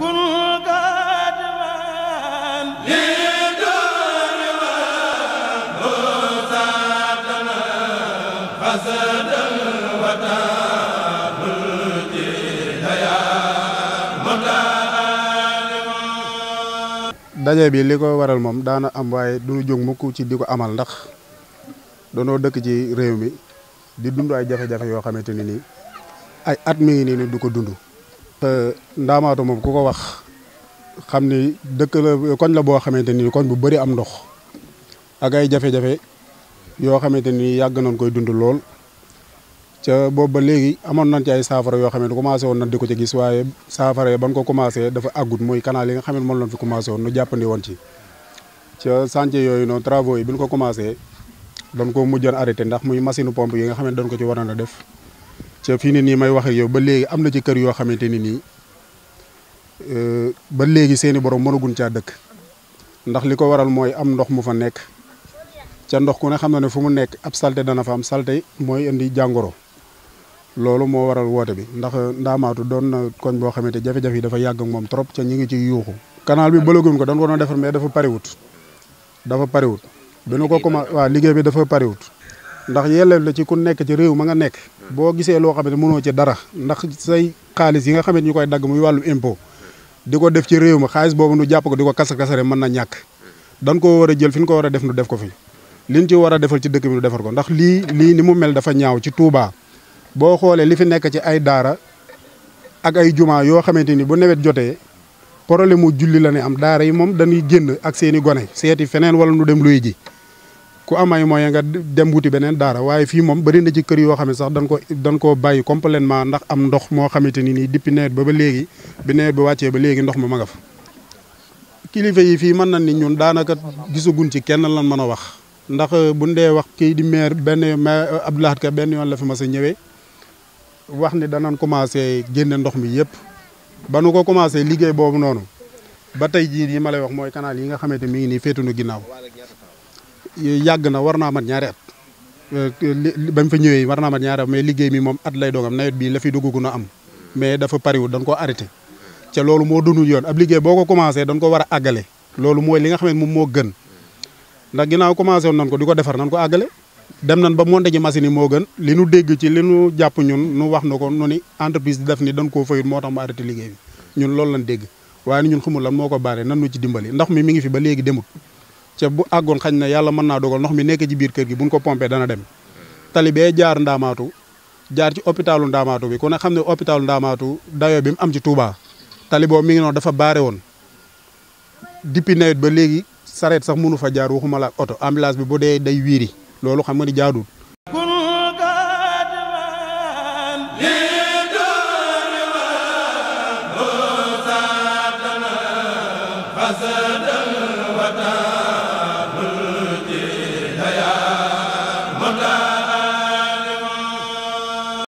daje bi li ko waral moom daana am waaye duñu jóg mukk ci di ko amal ndax danoo dëkk ci réew mi di dund ay jafe-jafe yoo xamante ni nii ay at mi nii du ko dund te ndaamaatu moom ku ko wax xam ni dëkk la koñ la boo xamante ni koñ bu bëri am ndox ak ay jafe-jafe yoo xamante ni yàgg nañ koy dund lool. ca boobu ba léegi amoon nañ ci saafara yoo xam ne commencé woon nañ di ko ci gis waaye saafara ban ko commencé dafa àggut muy canal yi nga xam ne moom lañ fi commencé woon nu jàppandi woon ci. ca chantier yooyu noonu travaux yi bi ñu ko commencé dañ ko mujjoon arrêté ndax muy machine pompe yi nga xam ne dañ ko ci waroon a def. ca fii ne nii may wax yow ba léegi am na ci kër yoo xamante ni nii ba léegi seeni borom mënaguñ caa dëkk ndax li ko waral mooy am ndox mu fa nekk ca ndox ku ne xam na ne fu mu nekk ab salte dana fa am salte mooy indi jàngoro loolu moo waral woote bi ndax ndaamaatu doon na koñ boo xamante jafe-jafe yi dafa yàgg moom trop ca ñu ngi ci yuuxu kanaal bi bëlaguñ ko dañ ko doon defar mais dafa pariwut dafa pariwut bi ko commencé waaw liggéey bi dafa pariwut ndax yelleef la ci ku nekk ci réew ma nga nekk boo gisee loo xam ne mënoo ci dara ndax say xaalis yi nga xam ne koy dagg muy wàllu impôt di ko def ci réew ma xaalis boobu nu jàpp ko di ko kasakasare mën na ñàkk dan ko war a jël fi ñu ko war a def nu def ko fi liñ ci war a defal ci dëkk bi nu defar ko ndax lii lii ni mu mel dafa ñaaw ci Touba boo xoolee li fi nekk ci ay daara ak ay jumaa yoo xamante ni bu nawet jotee problème mu julli la ne am daara yi moom dañuy génn ak seeni gone seeti feneen wala nu dem luy ji ku am ay moyen nga dem wuti beneen daara waaye fi moom bari na ci kër yoo xam ne sax dan ko dañ koo bàyyi complètement ndax am ndox moo xamante ni nii depuis nawet ba ba léegi bi nawet ba wàccee ba léegi ndox ma ma nga fa fii mën na ni daanaka gisaguñ ci kenn lan mën a wax ndax buñ dee wax kii di maire benn maire euh, Abdou Lahad benn yoon la fi ma sa ñëwee wax ni danañ commencé génne ndox mi yëpp ba nu ko commencé liggéey boobu noonu ba tey jii yi ma lay wax mooy canal yi nga xamante mi ngi nii féetu nu ginnaaw yàgg na war naa mat ñaari at euh, ba mu fa ñëwee war naa mat ñaari at mais liggéey mi moom at lay doogam nawet bii la fi dugg na am mais dafa pariwul dañ ko arrêté ca loolu moo dunul yoon ab liggéey boo ko commencé dañ ko war a àggale loolu mooy li nga xam ne moom moo gën ndax ginnaaw commencé woon nañ ko di ko defar nañ ko àggale dem nañ ba monte ji machine yi moo gën li nu dégg ci li nu jàpp ñun nu wax nu ko nu ni entreprise def ni dañ koo fayut moo tax mu arrêté liggéey bi ñun loolu lañ dégg waaye ñun xamul lan moo ko baaree nan nu ci dimbali ndax mi mi ngi fi ba léegi demut ca bu àggoon xañ na yàlla mën naa dogal ndox mi nekk ci biir kër gi buñ ko pompé dana dem tali bee jaar ndaamaatu jaar ci hôpitalu ndamaatu bi ku ne xam ne hôpitalu ndaamaatu dayo bi mu am ci Touba taliboo boobu mi ngi noonu dafa baare woon depuis nawet ba léegi sareet sax mënu fa jaar waxuma la oto ambulance bi bu dee day wiiri loolu xam nga ni jaadul Hazada